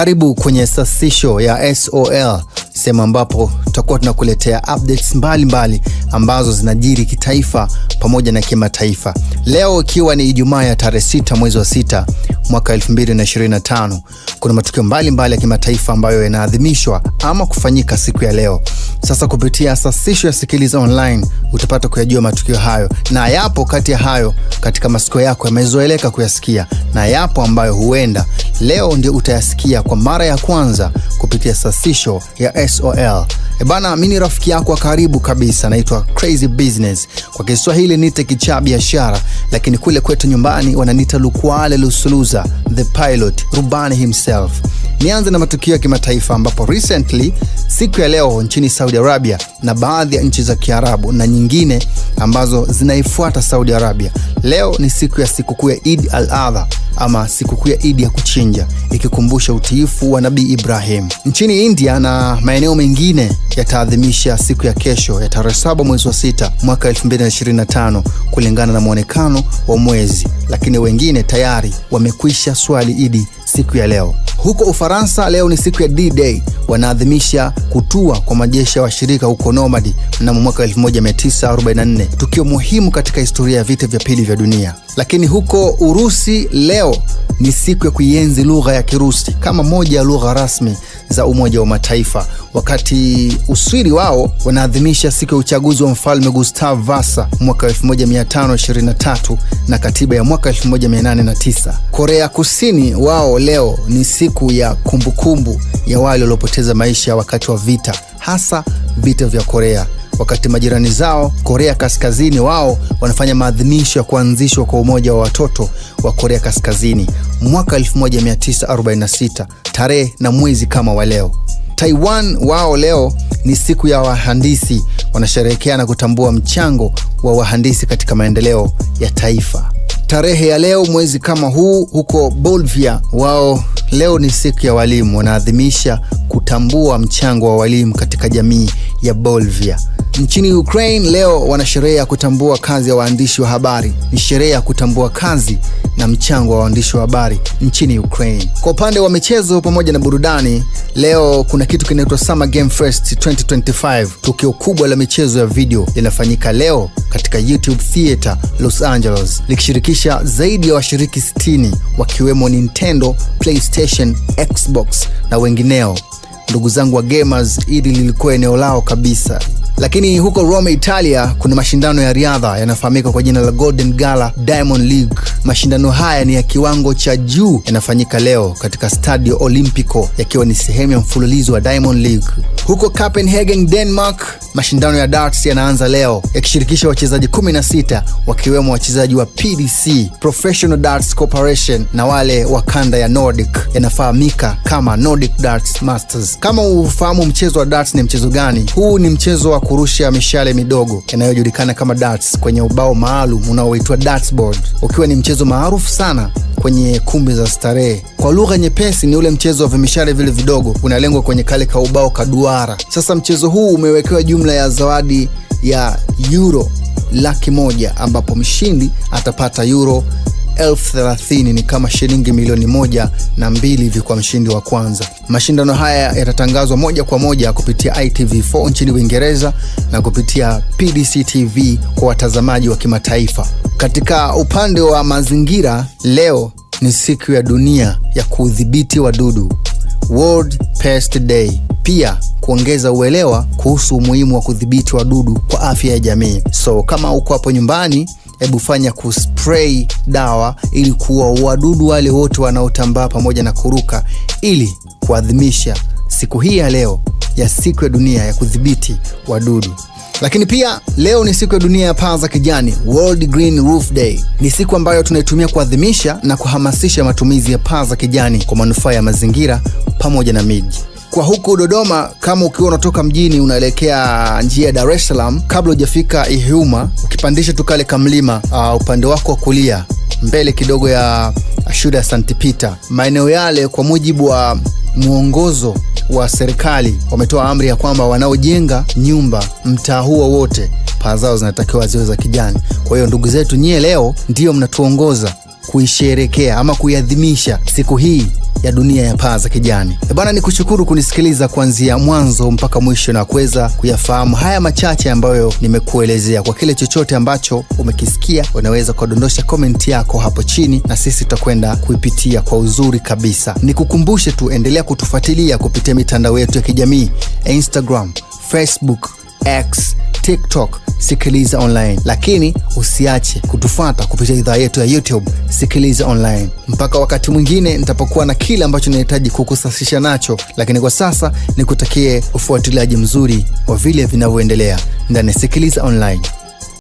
Karibu kwenye sasisho ya SOL sehemu ambapo tutakuwa tunakuletea updates mbalimbali mbali ambazo zinajiri kitaifa pamoja na kimataifa. Leo ikiwa ni Ijumaa ya tarehe sita mwezi wa sita mwaka 2025, kuna matukio mbalimbali ya kimataifa ambayo yanaadhimishwa ama kufanyika siku ya leo. Sasa kupitia sasisho ya Sikiliza Online utapata kuyajua matukio hayo, na yapo kati ya hayo katika masikio yako yamezoeleka kuyasikia, na yapo ambayo huenda leo ndio utayasikia kwa mara ya kwanza kupitia sasisho ya SOL. Ebana, mi ni rafiki yako wa karibu kabisa, naitwa Crazy Business. Kwa Kiswahili nite kichaa biashara, lakini kule kwetu nyumbani wananiita Lukwale Lusuluza, the pilot, rubani himself. Nianze na matukio ya kimataifa ambapo recently siku ya leo nchini Saudi Arabia na baadhi ya nchi za Kiarabu na nyingine ambazo zinaifuata Saudi Arabia, leo ni siku ya sikukuu ya Eid al-Adha ama sikukuu ya Idi ya kuchinja ikikumbusha utiifu wa Nabii Ibrahim. Nchini India na maeneo mengine yataadhimisha siku ya kesho ya tarehe saba mwezi wa sita mwaka 2025 kulingana na mwonekano wa mwezi, lakini wengine tayari wamekwisha swali Idi siku ya leo. Huko Ufaransa leo ni siku ya D-Day, wanaadhimisha kutua kwa majeshi ya washirika huko Nomadi mnamo mwaka 1944, tukio muhimu katika historia ya vita vya pili vya dunia. Lakini huko Urusi leo ni siku ya kuienzi lugha ya Kirusi kama moja ya lugha rasmi za Umoja wa Mataifa, wakati uswiri wao wanaadhimisha siku ya uchaguzi wa mfalme Gustav Vasa mwaka 1523 na katiba ya mwaka 1809. Korea Kusini wao leo ni siku ya kumbukumbu ya wale waliopoteza za maisha wakati wa vita, hasa vita vya Korea, wakati majirani zao Korea Kaskazini wao wanafanya maadhimisho ya kuanzishwa kwa umoja wa watoto wa Korea Kaskazini mwaka 1946 tarehe na mwezi kama wa leo. Taiwan wao leo ni siku ya wahandisi, wanasherehekea na kutambua mchango wa wahandisi katika maendeleo ya taifa tarehe ya leo mwezi kama huu huko Bolivia, wao leo ni siku ya walimu, wanaadhimisha kutambua mchango wa walimu katika jamii ya Bolivia. Nchini Ukraine leo wana sherehe ya kutambua kazi ya waandishi wa habari. Ni sherehe ya kutambua kazi na mchango wa waandishi wa habari nchini Ukraine. Kwa upande wa michezo pamoja na burudani, leo kuna kitu kinaitwa Summer Game Fest 2025. Tukio kubwa la michezo ya video linafanyika leo katika YouTube Theater Los Angeles, likishirikisha zaidi ya washiriki 60 wakiwemo Nintendo, PlayStation, Xbox na wengineo. Ndugu zangu wa gamers, hili lilikuwa eneo lao kabisa. Lakini huko Rome, Italia, kuna mashindano ya riadha yanafahamika kwa jina la Golden Gala Diamond League. Mashindano haya ni ya kiwango cha juu, yanafanyika leo katika Stadio Olimpico yakiwa ni sehemu ya mfululizo wa Diamond League. Huko Copenhagen, Denmark, mashindano ya darts yanaanza leo yakishirikisha wachezaji 16 wakiwemo wachezaji wa PDC, Professional Darts Corporation, na wale wa kanda ya Nordic yanafahamika kama Nordic Darts Masters. Kama ufahamu mchezo wa darts ni mchezo gani, huu ni mchezo wa kurusha mishale midogo inayojulikana kama darts kwenye ubao maalum unaoitwa dartsboard ukiwa ni mchezo maarufu sana kwenye kumbi za starehe. Kwa lugha nyepesi, ni ule mchezo wa vimishale vile vidogo unalengwa kwenye kale ka ubao kaduara. Sasa mchezo huu umewekewa jumla ya zawadi ya euro laki moja ambapo mshindi atapata yuro elfu thelathini ni kama shilingi milioni moja na mbili hivi kwa mshindi wa kwanza. Mashindano haya yatatangazwa moja kwa moja kupitia ITV4 nchini Uingereza na kupitia PDC TV kwa watazamaji wa kimataifa. Katika upande wa mazingira, leo ni siku ya dunia ya kuudhibiti wadudu, World Pest Day. Pia kuongeza uelewa kuhusu umuhimu wa kudhibiti wadudu kwa afya ya jamii. So kama uko hapo nyumbani, hebu fanya kuspray dawa ili kuua wadudu wale wote wanaotambaa pamoja na kuruka, ili kuadhimisha siku hii ya leo ya siku ya dunia ya kudhibiti wadudu. Lakini pia leo ni siku ya dunia ya paa za kijani, World Green Roof Day. Ni siku ambayo tunaitumia kuadhimisha na kuhamasisha matumizi ya paa za kijani kwa manufaa ya mazingira pamoja na miji. Kwa huku Dodoma, kama ukiwa unatoka mjini unaelekea njia ya Dar es Salaam, kabla hujafika Ihuma, ukipandisha tu kale kamlima uh, upande wako wa kulia mbele kidogo ya shule ya St. Peter, maeneo yale kwa mujibu wa mwongozo wa serikali wametoa amri ya kwamba wanaojenga nyumba mtaa huo wote paa zao zinatakiwa ziwe za kijani. Kwa hiyo ndugu zetu, nyie leo ndiyo mnatuongoza kuisherekea ama kuiadhimisha siku hii ya dunia ya paa za kijani. E Bana, ni kushukuru kunisikiliza kuanzia mwanzo mpaka mwisho na kuweza kuyafahamu haya machache ambayo nimekuelezea. Kwa kile chochote ambacho umekisikia, unaweza kuwadondosha komenti yako hapo chini na sisi tutakwenda kuipitia kwa uzuri kabisa. Nikukumbushe tu, endelea kutufuatilia kupitia mitandao yetu ya kijamii Instagram, Facebook, X TikTok Sikiliza Online, lakini usiache kutufata kupitia idhaa yetu ya YouTube Sikiliza Online. Mpaka wakati mwingine nitapokuwa na kile ambacho ninahitaji kukusasisha nacho, lakini kwa sasa nikutakie ufuatiliaji mzuri wa vile vinavyoendelea ndani ya Sikiliza Online.